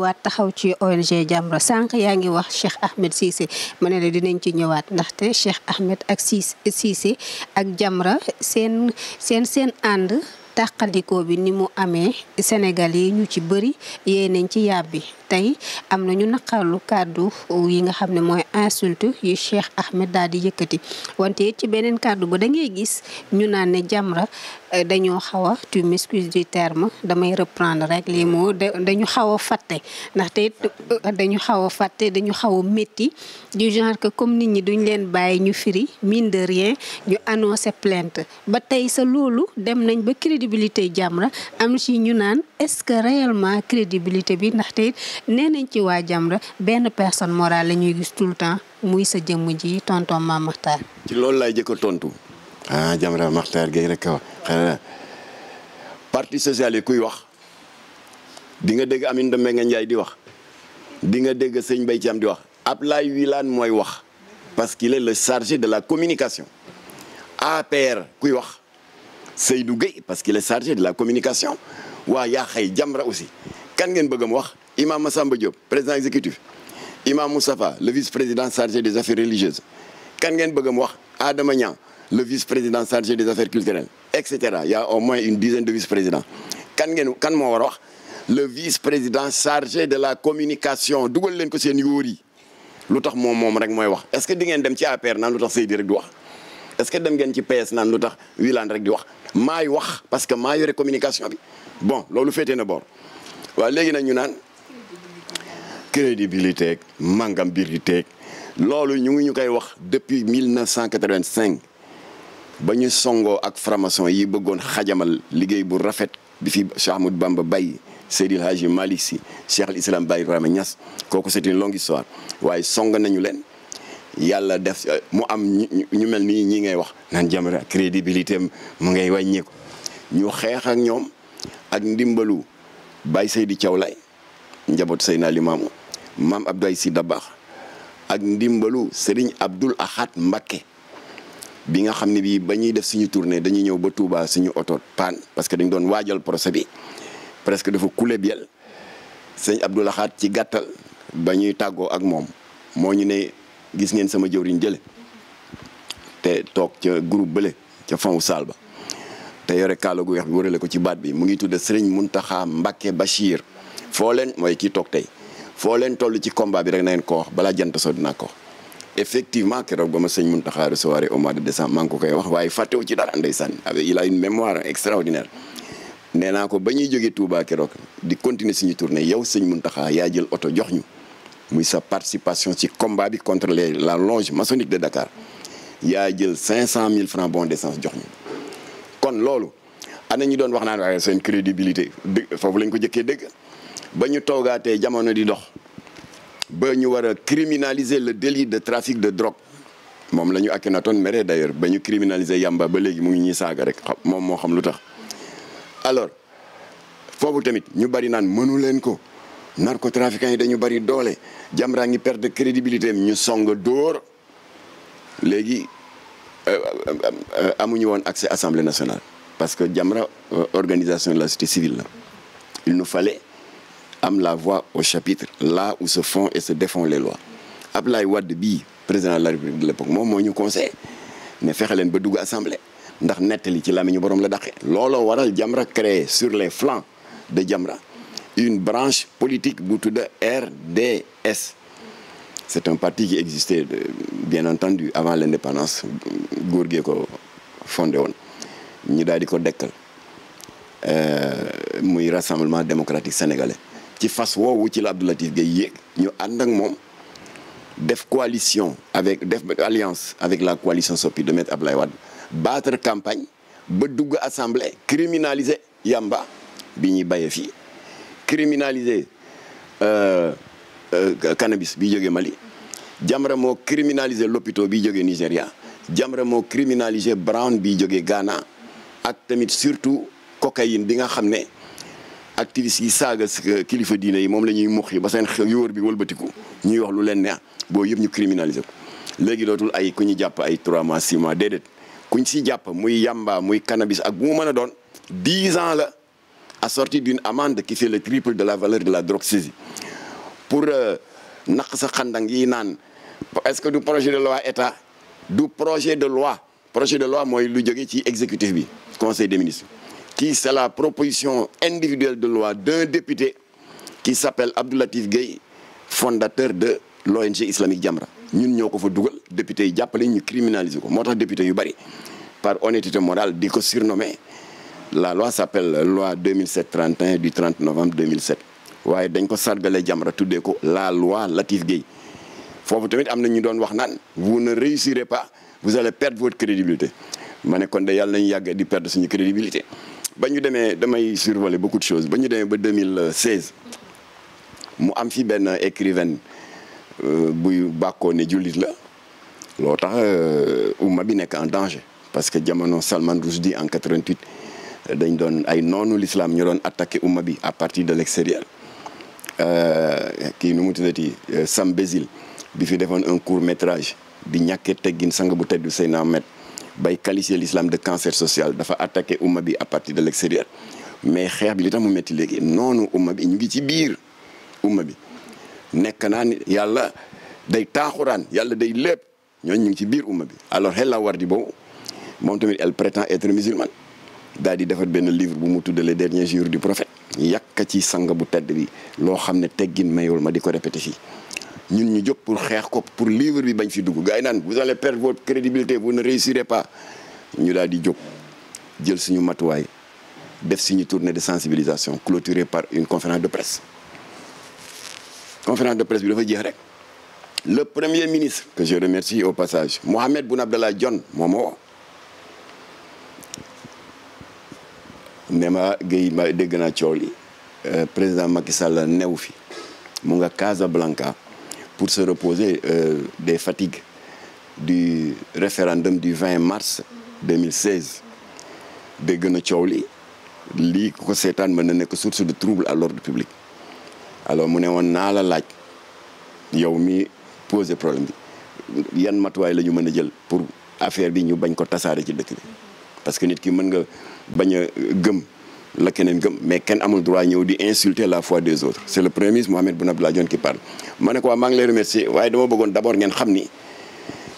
ñëwaat taxaw ci ONG Jamra sànq yaa ngi wax Cheikh Ahmed Cissé ma ne la dinañ ci ñëwaat ndaxte Cheikh Ahmed ak Cissé ak Jamra seen seen seen ànd tàqalikoo bi ni mu amee Sénégal yi ñu ci bëri yee nañ ci yàbbi tey am na ñu naqarlu kàddu yi nga xam ne mooy insulte yu Cheikh Ahmed daal di yëkkati wante it ci beneen kàddu ba da gis ñu naan ne Jamra eh, dañoo xaw a tu m'excuses du terme damay reprendre rek les mots dañu xaw a fàtte ndaxte it eh, dañu xaw a fàtte dañu xaw a métti du genre que comme nit ñi duñ leen bàyyi ñu firi mine de rien ñu annoncé plainte ba tey sa loolu dem nañ ba crédit crédibilité Jamra am ci ñu naan est-ce que réellement crédibilité bi ndaxte nee nañ ci waa Jamra benn personne morale la gis tout le temps muy sa jëmm ji tonton Mame Makhtar. ci loolu laay jëkk tontu. ah Jamra Makhtar Gueye rek wax xanaa parti yi kuy wax di nga dégg Aminata Mbengue Ndiaye di wax di nga dégg sëñ Mbaye Thiam di wax Ablaye Wilane mooy wax parce qu'il est le chargé de la communication APR kuy wax. Seydou Gueye parce qu'il est chargé de la communication waa Yaxey Jamra aussi kan ngeen bëgg mu wax imam Massamba Diop président exécutif imam Moustapha le vice-président chargé des affaires religieuses kan ngeen bëgg mu wax Adama Niang le vice-président chargé des affaires culturelles et cetera a au moins une dizaine de vice-présidents kan ngeen kan moo war a wax le vice-président chargé de la communication dugal leen ko seen yóor yi lu tax moom moom rek mooy wax est-ce que di ngeen dem ci APR naan lu tax Seydi rek di ngeen ci PS naan lu tax Wilane rek di wax maay wax parce que maa yore communication bi bon loolu féetee na boor waaw léegi nag ñu naan crédibilité mangam biir di loolu ñu ngi ñu koy wax depuis 1985 ba ñu songoo ak franc yi bëggoon xajamal liggéey bu rafet bi fi Cheikh Ahmadou Bamba bay Seydil Hadji Malick Sy Cheikh al Islam Baye Ibrahima ñas kooku c'est une longue histoire waaye song nañu leen yàlla def mu am ñu mel nii ñi ngay wax naan Jamra crédibilité mu ngay wàññeeku ñu xeex ak ñoom ak ndimbalu Baye Seydi Thiaw Laye njaboot Seydina Limaamu maam Abdoulaye Sy Dabakh ak ndimbalu Serigne Abdoul Ahad Mbacké bi nga xam ne bii ba ñuy def suñu tournée dañuy ñëw ba Touba suñu oto paan parce que dañ doon waajal procès bi presque dafa coulé biel sëñ Abdoul Ahad ci gàttal ba ñuy tàggoo ak moom moo ne gis ngeen sama jëwriñ jële te toog ca groupe bële ca fond saal ba te yore kaala gu weex bi wërale ko ci baat bi mu ngi tudde sëriñ Muntaxa Mbàkke Bachir foo leen mooy kii toog tey foo leen toll ci combat bi rek na ngeen ko wax balaa jant soo dinaa ko wax effectivement keroog ba ma sëñ Muntaxa recevoir au mois de décembre maa ngi ko koy wax waaye fàttewu ci dara ndeysaan avec il a une mémoire extraordinaire nee naa ko ba ñuy jógee Touba keroog di continuer suñu tournée yow sëñ Muntaxa yaa jël oto jox ñu muy sa participation ci combat bi contre la loge maçonnique de Dakar yaa jël cinq cent mille francs bon d'essence jox ñu kon loolu ana ñu doon wax naan waaye seen crédibilité dëgg foofu lañ ko jëkkee dëgg ba ñu toogaatee jamono di dox ba ñu war a criminaliser le délit de trafic de drogue moom la ñu Akhenaton mere d'ailleurs ba ñu criminaliser yamba ba léegi mu ngi ñuy saaga rek moom moo xam lu tax alors foofu tamit ñu bari naan mënu leen ko narcotrafiquants yi dañu bari doole Jamra ngi perte crédibilité ñu song dóor léegi euh, euh, euh, amuñu woon accès assemblée nationale parce que Jamra organisation de la société civile la il nous fallait am la voix au chapitre là où se font et se défont les lois Ablaye Wade bii président de la République de l'époque moom moo ñu conseil ne fexe leen ba dugg assemblée ndax nettali ci làmmiñu borom la daqe looloo waral Jamra créé sur les flancs de Jamra une branche politique bu tudd RDS c'est un partie qui existait euh, bien entendu avant l'indépendance góor ko fonde woon ñu daal di ko dekkal euh, muy rassemblement démocratique sénégalais ci fas woowu ci la Abdou Latif Gueye ñu ànd moom def coalition avec def alliance avec la coalition Sopi de Maître Abdoulaye Wade battre campagne ba dugg assemblée criminaliser yamba bi ñuy bayee fii criminalisé euh, euh, cannabis bi jóge Mali Jamra moo criminalisé lopito bi jógee Nigéria Jamra moo criminalisé brown bi jógee Ghana ak tamit surtout cocaïne bi nga xam ne activistes yi saaga euh, kilifa diine yi moom la ñuy mux yi ba seen yoor bi wëlbatiku ñuy wax lu leen neex boo yëpp ñu criminalisé ko léegi dootul ay ku ñu jàpp ay 3 mois 6 mois déedéet kuñ si jàpp muy yamba muy cannabis ak bu mu mën a doon 10 la assorti d'une amende qui c'est le triple de la valeur de la drogue saisie pour euh, naq sa xandang yi naan est-ce que du projet de loi état du projet de loi projet de loi mooy lu jóge ci exécutif bi conseil de ministres qui c'est la proposition individuelle de loi d'un député ki s'appelle Abdou Latif Gueye fondateur de l'ONG islamique Jamra ñun ñoo ko fo dugal député yi jàppale ñu criminaliser ko moo tax député yu bari par honnêteté morale di ko surnommer la loi s'appelle loi 2007-31 du 30 novembre 2007 waaye dañ ko sargale Jamra tuddee ko la loi Latif Gueye foofu tamit am na ñu doon wax naan vous ne réussirez pas vous allez perdre votre crédibilité ma ne kon de yàlla nañu yàgg di perdre suñu crédibilité. ba ñu demee damay survoler beaucoup de choses ba ñu demee ba 2016 mu am fi benn écrivaine euh, buy bàkkoo ne jullit la loo tax euh, umma bi nekk en danger parce que jamono Salman Rushdie en 88. dañ doon ay noonu l'islam ñu doon attaqué umma bi à partir de l'extérieur euh, kii nu mu tuddati euh, Sam Bézil bi fi defoon un court métrage bi ñàkkee teggin sang bu teddu Seydina Ahmed bay qualifier l'islam de cancer social dafa attaqué umma bi à partir de l'extérieur mais xeex bi li tax mu metti léegi noonu umma bi ñu ngi ci biir umma bi nekk naa ni yàlla day taaxuraan yàlla day lépp ñoo ñu ngi ci biir umma bi alors Hela Wardibo moom tamit elle prétend être musulmane daal di defar benn livre bu mu tudde les derniers jours du prophète yàkka ci sang bu tedd bi loo xam ne teggin mayul ma di ko répété fii ñun ñu jóg pour xeex ko pour livre bi bañ fi dugg gars yi naan vous allez perdre votre crédibilité vous ne réussirez pas ñu daal di jóg jël suñu matuwaay def suñu tournée de sensibilisation clôturée par une conférence de presse conférence de presse bi dafa jeex rek le premier ministre que je remercie au passage Mohamed Boun Abdallah Dionne moo ne ma Guèye ma dégg naa coow li euh, président Macky Sall new fii mu nga Casablanca pour se reposer euh, des fatigues du référendum du 20 mars 2016 dégg na coow li lii ko seetaan mën na nekk source de trouble à l'ordre public alors mu ne woon naa la laaj yow mi pose problème bi yan matuwaay la ñu mën a jël pour affaire bi ñu bañ ko tasaare ci dëkk bi parce que nit ki mën nga bañ euh, gëm la keneen gëm mais kenn amul droit ñëw di insulter la fois des autres c' le premier ministre Mohamed Boun Abdallah Dionne qui parle. ma ko waa maa ngi lay remercier waaye dama bëggoon d' abord ngeen xam ni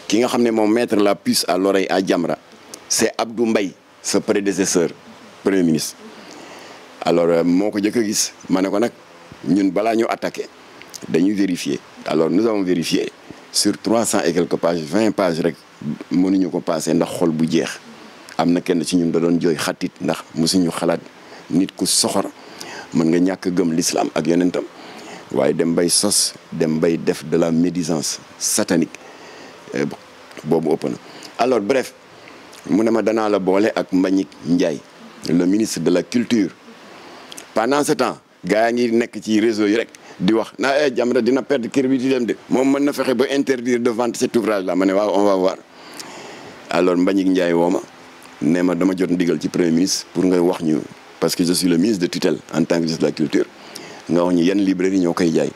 ki nga xam ne moom mettre la puce à l'oreille à Jamra c' est Abdou Mbaye sa prédécesseur premier ministre. alors euh, moo ko jëkk a gis ma ne ko nag ñun balaa ñu attaqué dañuy vérifier alors nous avons vérifié sur trois cent et quelques pages vingt pages rek mënuñu ko passé ndax xol bu jeex. am na kenn ci ñun da doon jooy xatit ndax mosuñu xalaat nit ku soxor mën nga ñàkk gëm l'islam ak yonentam waaye dem bay sos dem bay def de la médisance satanique euh, boobu ëpp na alors bref mu ne ma danaa la boole ak Mbagnick njaay le ministre de la culture pendant ce temps gaa ngi nekk ci réseau yi rek di wax na eh Jamra dina perd kër bi di de moom mën na fexe ba interdire de vente cet ouvrage la ma ne waaw on va voir alors Mbagnick Ndiaye woo ma ne ma dama jot ndigal ci premier ministre pour nga wax ñu parce que je suis le ministre de tutelle en tant que ministre de la culture nga wax ñu yan librairie ñoo koy jaay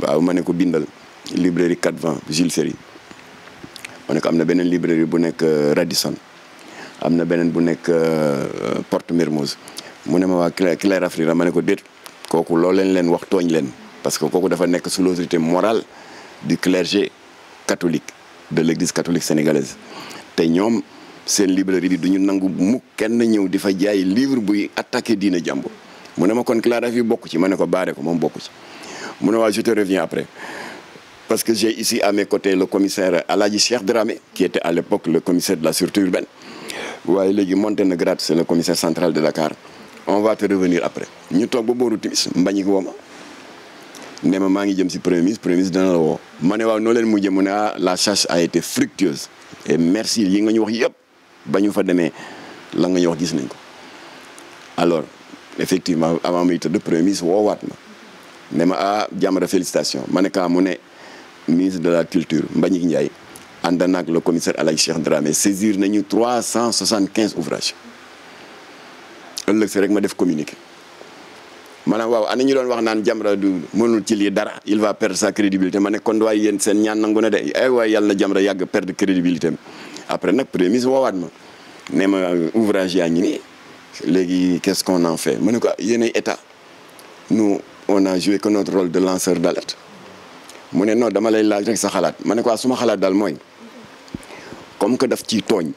waaw ma ne ko bindal librairie quatre vingt Jules Ferry ma ne ko am na beneen librairie bu nekk euh, Radisson am na beneen bu nekk euh, Porte Mermoz mu ne ma waa Claire Afrique ma ne ko déet kooku loo leen leen wax tooñ leen parce que kooku dafa nekk sous l'autorité morale di clergé catholique de l'église catholique sénégalaise seen librairie bi du ñu nangu mu kenn ñëw di fa jaay livre buy attaqué diine jàmbur mu ne ma kon Clara yi bokk ci ma ne ko baaree ko moom bokk ci mu ne waa je te reviens après parce que j'ai ici à mes le commissaire Aladji Cheikh Dramé qui était à l'époque le commissaire de la sûreté urbaine waaye léegi monté na grade c'est le commissaire central de Dakar on va te revenir après ñu toog ba booru timis mbañik woo ma ma maa ngi jëm si premier ministre premier ma ne waaw noo leen mujjee mu ne ah la chasse a été fructueuse yi nga ñu wax yëpp ba ñu fa demee la nga ñu wax gis nañ ko alors effectivement avant muy tëdd premier ministre woowaat na ne ma ah Jamra félicitation ma ne kaa ah, mu ne ministre de la culture Mbagnick Ndiaye ànd naag le commissaire Alhaji Cheikh Dramé saisir nañu trois cent soixante quinze ouvrages ëllëg si rek ma def communiqué maanaam waaw ana ñu doon wax naan Jamra du mënul ci lii dara il va perdre sa crédibilité ma ne kon waay yéen seen ñaan nangu na de ay eh waay yàlla na Jamra yàgg perdre crédibilité après nag premier ministre woowaat ma ne ma euh, ouvrage yaa ngi nii léegi qu'est-ce qu'on en fait ma ne ko ah, yéenay état nous on a joué que notre rôle de lanceur d'alerte mu ne non dama lay laaj rek sa xalaat ma ne ko ah, suma xalaat daal mooy comme que daf ci tooñ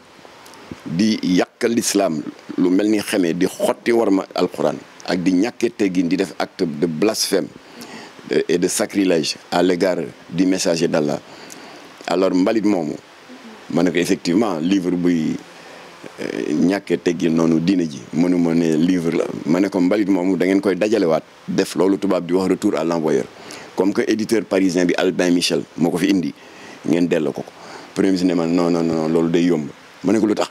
di yàq l'islam lu mel ni xamee di xotti war ma alquran ak di ñàkkee teggin di def acte de blasphème euh, et de sacrilage à l'égard du messager d'Allah alors mbalit moomu ma effectivement livre buy euh, ñàkkee teggin noonu diine ji mënuma ne livre la ma ne ko mbalit moomu da ngeen koy dajalewaat def loolu tubaab di wax retour à l'envoyeur comme que éditeur parisien bi Albin Michel moo ko fi indi ngeen delloo ko ko premier ministre ne ma non non loolu day yomb ma ne ko lu tax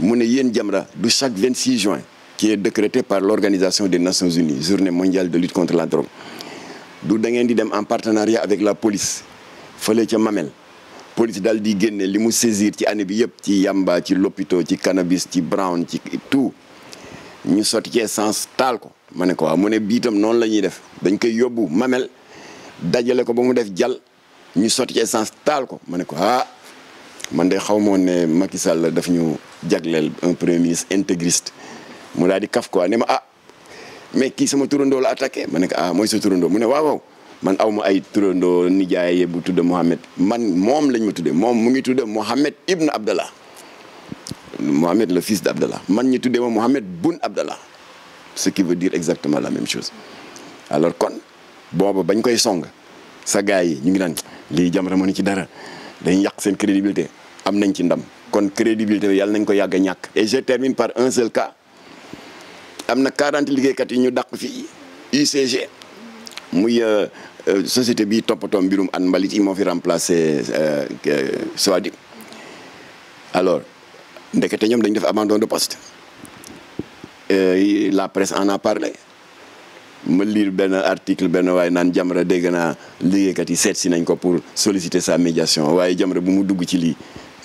mu ne yéen Jamra du chaque 26 juin qui est décrété par l'Organisation des Nations Unies journée mondiale de lutte contre la drogue du da ngeen di dem en partenariat avec la police fële ca Mamel police daal di génne li mu saisir ci année bi yëpp ci yamba ci loppitoo ci cannabis ci brown ci tout ñu sotti ci essence taal ko ma ne ko waaw ne bii itam noonu la ñuy def dañ koy yóbbu mamel dajale ko ba mu def jal ñu sotti ci essence taal ko ma ne ko ah man de xaw moo ne Macky Sall daf ñu jagleel un premier ministre intégriste mu daal di kaf quoi ne ma ah mais kii sama turandoo la attaqué ma ne ko ah mooy sa turandoo mu ne waaw waaw man aw ma ay turandoo nijaay bu tudd Mohamed man moom lañ ma tuddee moom mu ngi tudd Mohamed Ibn Abdallah Mohamed le fils d'Abdallah man ñi tuddee ma Mohamed Boun Abdallah ce qui veut dire exactement la même chose alors kon booba bañ koy song sa gars yi ñu ngi naan lii Jamra mënu ci dara dañ yàq seen crédibilité am nañ ci ndam kon crédibilité bi yàlla nañ ko yàgg a ñàkk. et je termine par un seul cas am na 40 liggéeykat yi ñu dàq fii UCG. muy euh, euh, société bi toppatoo mbirum an mbalit yi moo fi remplacé euh, Sowadib alors ndekete ñoom dañu def abandon de poste la presse en a parlé ma liir benn article benn waaye naan Jamra dégg naa liggéeykat yi seet si nañ ko pour solliciter sa médiation waaye Jamra bu mu dugg ci lii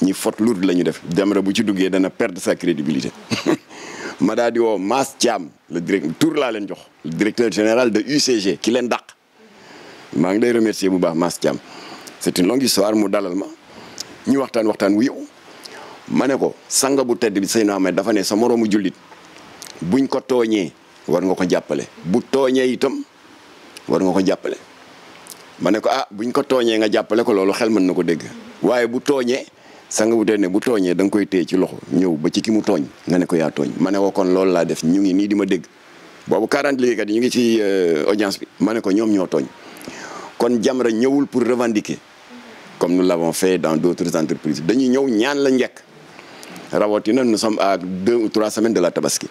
ñi faute lourde la ñu def Jamra bu ci duggee dana perdre sa crédibilité ma daa di woo Mass Thiam le tour laa leen jox directeur général de UCG ki leen dàq maa ngi lay remercier bu baax mas Thiam c'est une longue histoire mu dalal ma ñu waxtaan waxtaan wu yow ma ne ko sanga bu tedd bi Seydina Ahmed dafa ne sa moroomu jullit buñ ko tooñee war nga ko jàppale bu tooñee itam war nga ko jàppale ma ne ko ah buñ ko tooñee nga jàppale ko loolu xel mën na ko dégg waaye bu tooñee sanga bu dee ne bu tooñee da nga koy téye ci loxo ñëw ba ci ki mu tooñ nga ne ko yaa tooñ ma ne ko kon loolu laa def ñu ngi nii di ma dégg boobu 40 liggéeykat yi ñu ngi ci euh, audience bi ma ne ko ñoom ñoo tooñ kon Jamra ñëwul pour revendiquer comme nu l'avons fait dans d'autres entreprises dañuy ñëw ñaan la njëkk rawatina nous sommes à deux ou trois semaines de la tabaski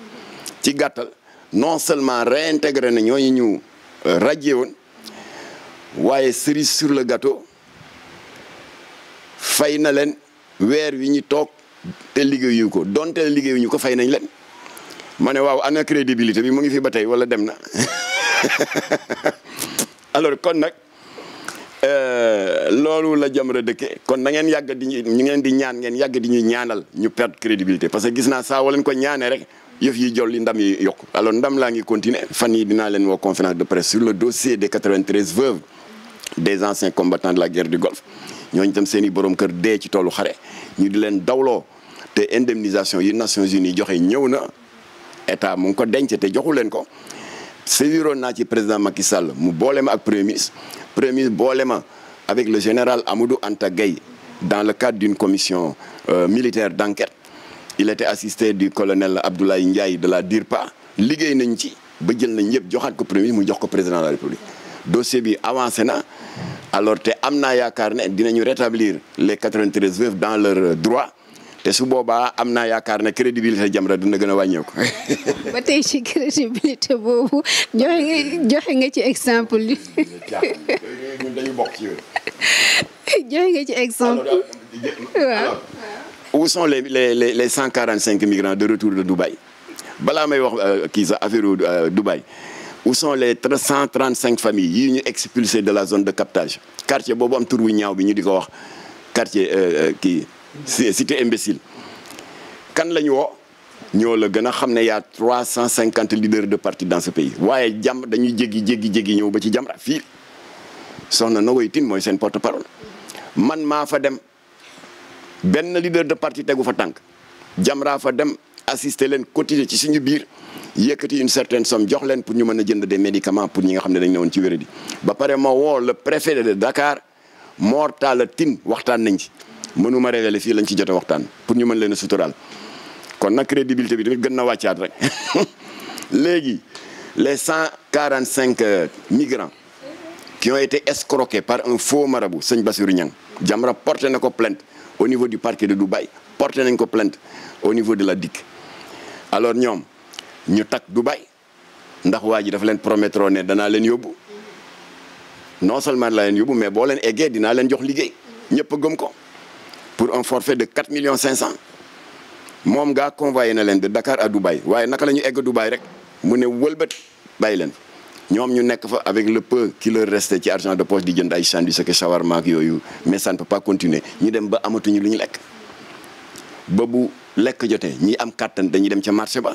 ci gàttal non seulement réintégré na ñooñu ñu euh, radié woon waaye cerise sur le gâteau fay na leen weer wi ñu toog te liggéey ko donte liggéeyuñu ko fay nañ leen ma ne waaw ana crédibilité bi mu ngi fi ba tey wala dem na alors kon nag euh, loolu la Jamra dëkke kon na ngeen yàgg di ñu ngeen di ñaan ngeen yàgg di ñuy ñaanal ñu perte crédibilité parce que gis naa saa waleen ko ñaanee rek yëf yi jolli ndam yi yokk alors ndam laa ngi continuer fan yi dinaa leen wo conférence de presse sur le dossier des 93 veuves des anciens combattants de la guerre du Golfe ñooñu tam seen i borom kër dee ci toolu xare ñu di leen dawloo te indemnisation yi Nations Unies joxe ñëw na état mu ngi ko denc te joxu leen ko. séviroon naa ci président Macky Sall mu boole ak premier ministre premier boole ma avec le général Amadou Anta Gueye dans le cadre d'une commission euh, militaire d'enquête il était assisté du colonel Abdoulaye Ndiaye de la DIRPA liggéey nañ ci ba jël nañ yëpp joxaat ko premier mu jox ko président de la république dossier bi avancé na alors te am naa yaakaar ne dinañu rétablir les 93 veuves dans leur droit te su am naa yaakaar ne crédibilité Jamra dina gën a wàññeeku. ba tey ci crédibilité boobu joxe nga joxe nga ci exemple. ñun dañu bokk ci joxe nga ci exemple. waaw. où sont les les les les 145 migrants de retour de Dubaï balaa may wax euh, kii sax affaire euh, Dubaï. où sont les cent trente cinq familles yii ñu expulsé de la zone de captage quartier boobu am tur wu ñaaw bi ñu di ko wax quartier euh, euh, kii cité imbécile kan la ñu woo ñoo la gën a xam ne y a trois cent cinquante leaders de parti dans ce pays waaye jàmm dañuy jéggi jéggi jéggi ñëw ba ci Jamra fii soxna Nogoy Tine mooy seen porte parole man maa fa dem benn leader de parti tegu fa tànk Jamra fa dem assister leen continuer ci suñu biir yëkkati une certaine somme jox leen pour ñu mën a jënd de médicaments pour ñi nga xam ne dañ ne woon ci wéradi ba pare ma woo le préfet de Dakar Mor Talla Tine waxtaan nañ ci mënuma révéler fii lañ ci jote waxtaan pour ñu mën leen a suturaal kon nag crédibilité bi tamit gën na wàccaat rek léegi les cent quarante cinq euh, migrants qui ont été escroqués par un faux marabout sëñ Bassirou Niang Jamra porté na ko plainte au niveau du parquet de Dubaï porté nañ ko plainte au niveau de la dikk alors ñoom ñu takk Dubaï ndax waa ji dafa leen promettre ne danaa leen yóbbu non seulement la leen yóbbu mais boo leen eggee dinaa leen jox liggéey ñëpp gëm ko pour un forfait de 4 millions 500 moom ngaa convoyé na leen de Dakar à Dubaï waaye naka la ñu egg Dubaï rek mu ne wëlbati bàyyi leen ñoom ñu nekk fa avec le peu qui leur ci argent de poche di jënd ay sandwich ak shawarma ak yooyu mais ça ne peut continuer ñu dem ba amatuñu lu ñu lekk ba bu lekk jotee ñi am kàttan dañuy dem ca marché ba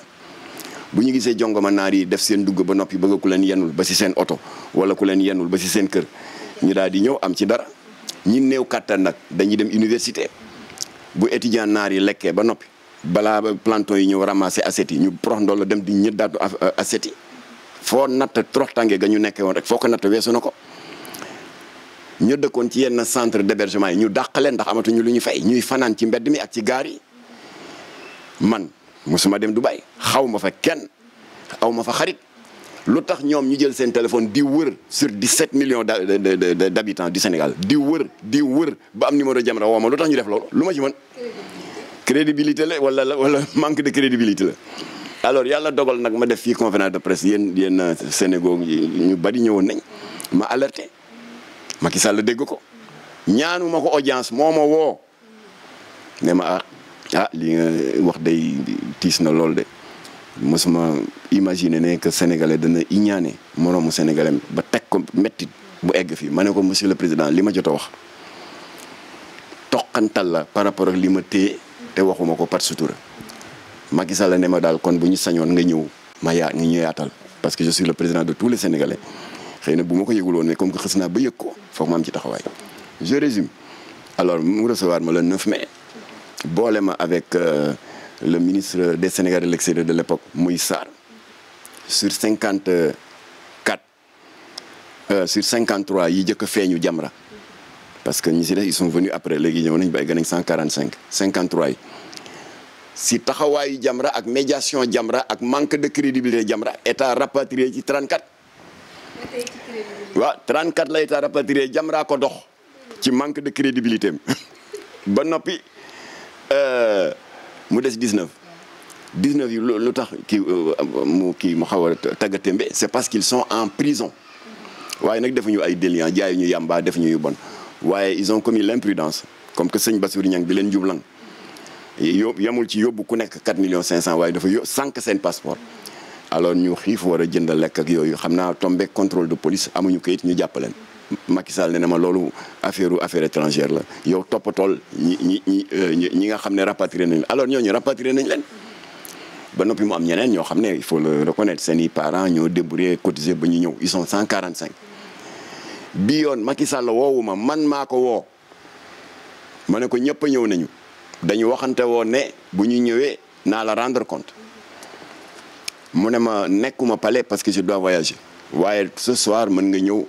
bu ñu gisee jongoma naar yi def seen dugg ba noppi bëgg ku leen yenul ba si seen oto wala ku leen yenul ba si seen kër ñu daal di ñëw am ci dara ñi néew kàttan nag dañuy dem université bu étudiant naar yi lekkee ba noppi balaa planton yi ñëw ramasser assiette yi ñu prox ndool la dem di ñëddaatu euh, assiette yi foo natt troxtange ga ñu nekkee woon rek foo ko natt weesu na ko ñu dëkkoon ci yenn centre d'hébergement yi ñu dàqale ndax amatuñu lu ñu fay ñuy fanaan ci mbedd mi ak ci gaar man musuma dem du xaw xawma fa kenn aw ma fa xarit lu tax ñoom ñu jël seen téléphone di wër sur 17 millions d'habitants du Sénégal di wër di wër ba am numéro Jamra woo ma lu tax ñu def loolu lu ma ci mën crédibilité la wala wala manque de crédibilité la alors yàlla dogal nag ma def fii conférence de presse yéen yéen euh, Sénégal ñu bari ñëwoon nañ ma alerté Macky Sall dégg ko ñaanu ko audience moo woo ne ma ah, ah lii nga wax day tiis na lool de mosuma imaginer ne que sénégalais dana iñaane moroomu sénégalais ba teg ko métti bu egg fii ma ne ko monsieur le président li ma jot a wax toqantal la par rapport ak li ma téye te waxuma ko par sutura Macky Sall ne ma daal kon bu ñu sañoon nga ñëw ma yaa ñu yaatal parce que je suis le président de tous les Sénégalais xëy na bu ma ko yëgul woon mais comme que xës ba yëg ko foog ma am ci taxawaay. je résume alors mu recevoir ma la 9 mai boole ma avec euh, le ministre des Sénégalais de l'extérieur de l'époque Moïse Sarr sur 54 euh, sur 53 yi jëkk a feeñu Jamra parce que ñi si des ils sont venus après léegi ñëw nañ ba ay gën a 145 53 yi. si taxawaayu Jamra ak médiation Jamra ak manque de crédibilité Jamra état rapatrié ci 34. waaw 34 la état rapatrié Jamra ko dox ci manque de crédibilité am ba noppi euh, mu des 19. 19 yi lu tax kii euh, mu kii mu xaw a tàggatémbe c'est parce qu'ils sont en prison waaye nag defuñu ay déliants jaayuñu yàmbaa defuñu yu bon waaye ils ont commis l'imprudence comme que sëñ Bassirou Niang bi leen jublan yób yamul ci yóbbu ku nekk 4 millions 500 waaye defa yób sànq seen passeport alors ñu xiif war a jënd lekk ak yooyu xam naa tombé contrôle de police amuñu kayit ñu jàppaleen Macky Sall ne ma loolu affaire affaire étrangère la yow toppatool ñi ñi ñi euh, ñi nga xam ne rapatrié nañ alors ñooñu rapatrié nañ leen ba noppi mu am ñeneen ñoo xam ne il faut le reconnaître seen i parents ñoo débrouillé cotisé ba ñu ñëw ils sont 145 bi yoon Macky Sall woowu ma man maa ko woo ma ne ko ñëpp ñëw nañu dañu waxante woon ne bu ñu ñëwee naa la rendre compte mu ne ma nekkuma pale parce que je dois voyager waaye ce soir mën nga ñëw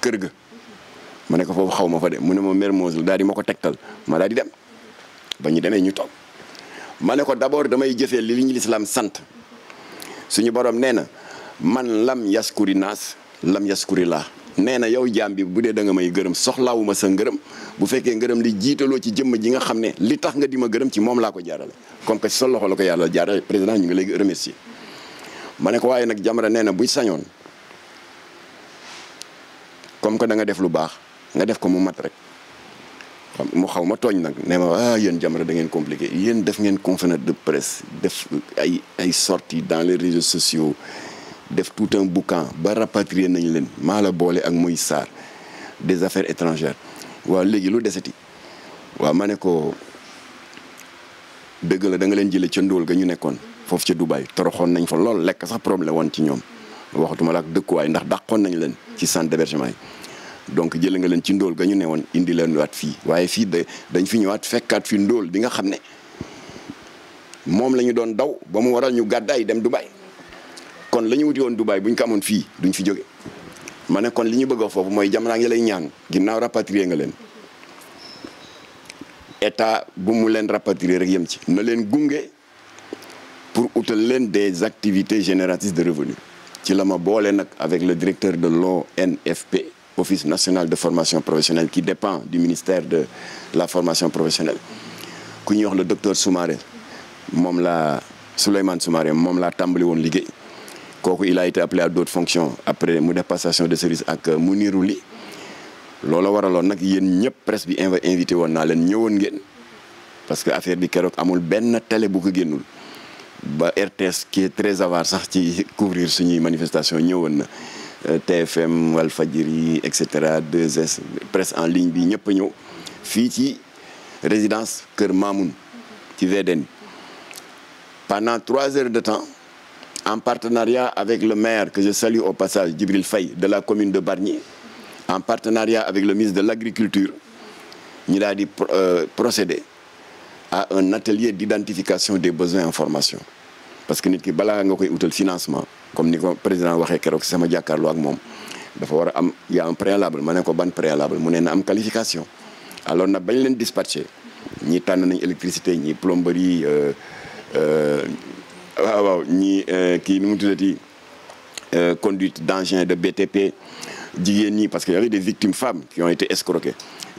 kër ga ma ne ko foofu xaw ma fa de mu ne ma Mermoz daal di ma ko tegtal ma daadi dem ba ñu demee ñu toog ma ne ko d'abord damay jëfee li ñu lislaam sant suñu borom nee na man lam yaskuri naas lam yaskuri laa nee na yow jaam bi bu dee da nga may gërëm soxlaawuma sa ngërëm bu fekkee ngërëm li jiitaloo ci jëmm ji nga xam ne li tax nga di ma gërëm ci moom laa ko jaarale comme que sa loxo la ko yàlla jaarale président ñu ngi léegi remercier ma ne ko waaye nag Jamra nee na buy sañoon comme que da nga def lu baax nga def ko mu mat rek xam mu xaw ma tooñ nag nee ma ah yéen Jamra da ngeen compliqué yéen def ngeen conférence de presse def ay ay sorties dans les réseaux sociaux def tout un boucan ba rapatrier nañu leen maa la boole ak Moïse Sarr des affaires étrangères waa léegi lu deseti waaw ma ne ko dëgg la da nga leen jëlee ca ndóol ga ñu nekkoon foofu ca Dubaï toroxoon nañ fa lool lekk sax problème woon ci ñoom waxatuma la ak dëkkuwaay ndax dàqoon nañ leen ci centre d'hébergement yi donc jëlee nga leen ci ndóol ga ñu ne woon indi leen waat fii waaye fii de dañ fi ñëwaat fekkaat fi ndóol bi nga xam ne moom la doon daw ba mu waral ñu gàddaay dem Dubaï kon la ñu wuti woon Dubaï bu ñu ko fii duñ fi jóge ma ne kon li ñu bëgg a foofu mooy jamono ngi lay ñaan ginnaaw rapatrier nga leen état bu mu leen rapatrier rek yem ci. na leen gunge pour utal leen des activités génératrices de revenus ci la ma boole nag avec le directeur de l'ONFP office national de formation professionnelle qui dépend du ministère de la formation professionnelle ku ñuy wax le docteur Soumaré moom la Souleymane Soumaré moom laa tàmbali woon kooku il a été appelé à d'autres fonctions après mu def passation de service ak euh, Mounirou li loola waraloon nag yéen ñëpp presse bi invité woon naa leen ñëwoon ngeen parce que affaire bi keroog amul benn télé bu ko génnul ba RTS qui est très sax ci couvrir suñuy manifestation ñëwoon na euh, TFM Walfadjri et cetera 2S presse en ligne bi ñëpp a ñëw fii ci résidence Kër Mamoun ci VDN pendant trois heures de temps en partenariat avec le maire que je salue au passage Djibril fay de la commune de Bargny en partenariat avec le ministre de l'agriculture ñi daal di procéder a un atelier d'identification des besoins en formation parce que nit ki balaa nga koy utal financement comme ni ko président waxee keroog si sama jàkkaarloo ak moom dafa war a am y a un préalable ma ne ko ban préalable mu ne na am qualification alors nag bañ leen dispatché ñi tànn nañ électricité ñi plomberie euh, euh, waaw waaw ñii euh, kii nu mu tuddati euh, conduite d'engin de BTP jigéen ñi parce que y avait des victimes femmes qui ont été escroquées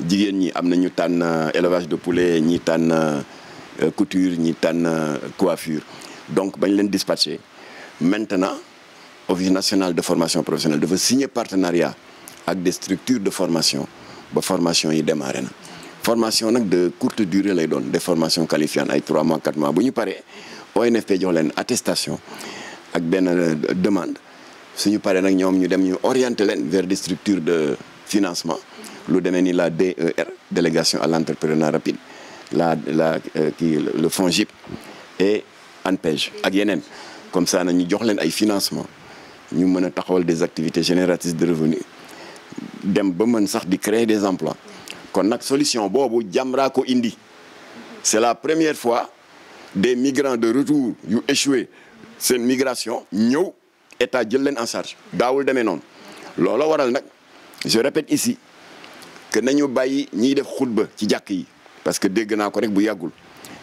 jigéen ñi am na ñu tànn euh, élevage de poulet ñi tànn couture ñi tànn coiffure donc bañ leen dispatché maintenant office national de formation professionnelle dafa signer partenariat ak des structures de formation ba formation yi démarré na formation nag de courte durée lay doon des formations qualifiantes ay 3 mois 4 mois bu ñu paree ONFP jox leen attestation ak benn euh, demande suñu paree nag ñoom ñu dem ñu orienter leen vers des structures de financement lu demee ni la DER délégation à l'entrepreneuriat rapide la la euh, kii le FONGIP et ANPEJ ak yeneen comme ça nag ñu jox leen ay financement ñu mën a taxawal des activités génératrices de revenus dem ba mën sax di créer des emplois kon nag solution boobu Jamra ko indi c'est la première fois de migrants de retour yu échoué seen migration ñëw état jël leen en charge daawul demee noonu looloo waral nag je répète ici que nañu bàyyi ñiy def xutba ci jàkk yi parce que dégg naa ko rek bu yàggul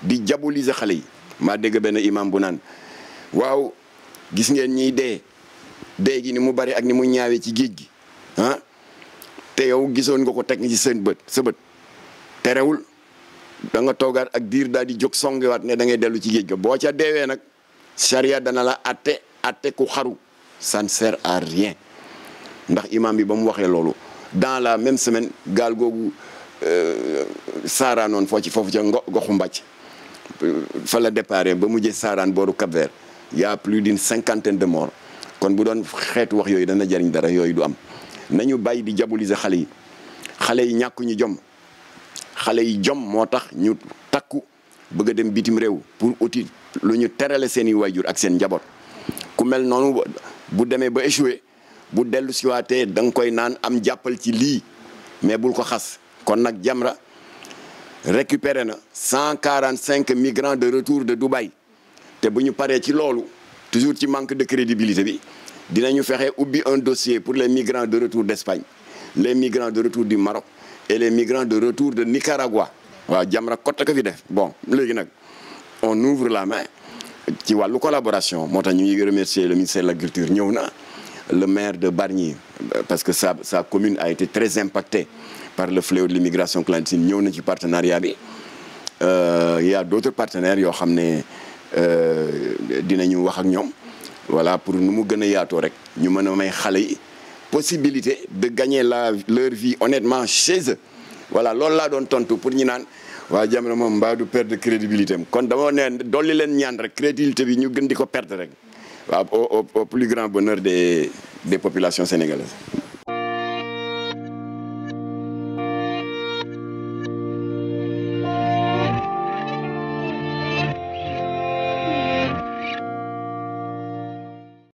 di diaboliser xale yi maa dégg benn imam bu naan waaw gis ngeen ñii dee dee ni mu bari ak ni mu ñaawee ci géej gi ah te yow gisoon nga ko teg ci seen bët sa terewul da nga toogaat ak diir daal di jog songewaat ne da dellu ci géej ga boo ca deewee nag charia dana la atte atte ku xaru ça ne sert rien ndax imam bi ba mu waxee loolu dans la même semaine gaal googu euh, saaraan noonu foo ci foofu ca goxu mbàcc fa la dépare ba mujjee saaraan booru Cap Vert y a plus d'une cinquantaine de morts kon bu doon xeetu wax yooyu dana jariñ dara yooyu du am nañu bàyyi di diaboliser xale yi xale yi ñàkkuñu jom xale yi jom moo tax ñu takku bëgg dem bitim réew pour uti lu ñu terale seen i waajur ak seen njaboot ku mel noonu bu demee ba échoué bu dellu siwaate da nga koy naan am jàppal ci lii mais bul ko xas kon nag Jamra récupéré na cent quarante cinq migrants de retour de Dubaï te bu ñu paree ci loolu toujours ci manque de crédibilité bi dinañu fexe ubbi un dossier pour les migrants de retour d'Espagne les migrants de retour du Maroc et les migrants de retour de Nicaragua waaw Jamra Kott ko fi def bon léegi nag on ouvre la mais ci wàllu collaboration moo tax ñu ngi remercier le ministère de l'agriculture ñëw na le maire de Bargny parce que sa sa commune a été très impactée par le fléau de l'immigration clandestine ñëw na ci partenariat bi euh, il d'autres partenaires yoo xam ne dina euh, dinañu wax ak ñoom voilà pour nu mu gën a yaatoo rek ñu mën a may xale yi possibilité de gagner la leur vie honnêtement chez eux voilà loolu laa doon tontu pour ñu naan waa Jamra moom mbaadu du perdre crédibilité am kon dama ne dolli leen ñaan rek crédibilité bi ñu gën di ko perdre rek waaw au au plus grand bonheur des des populations sénégalaises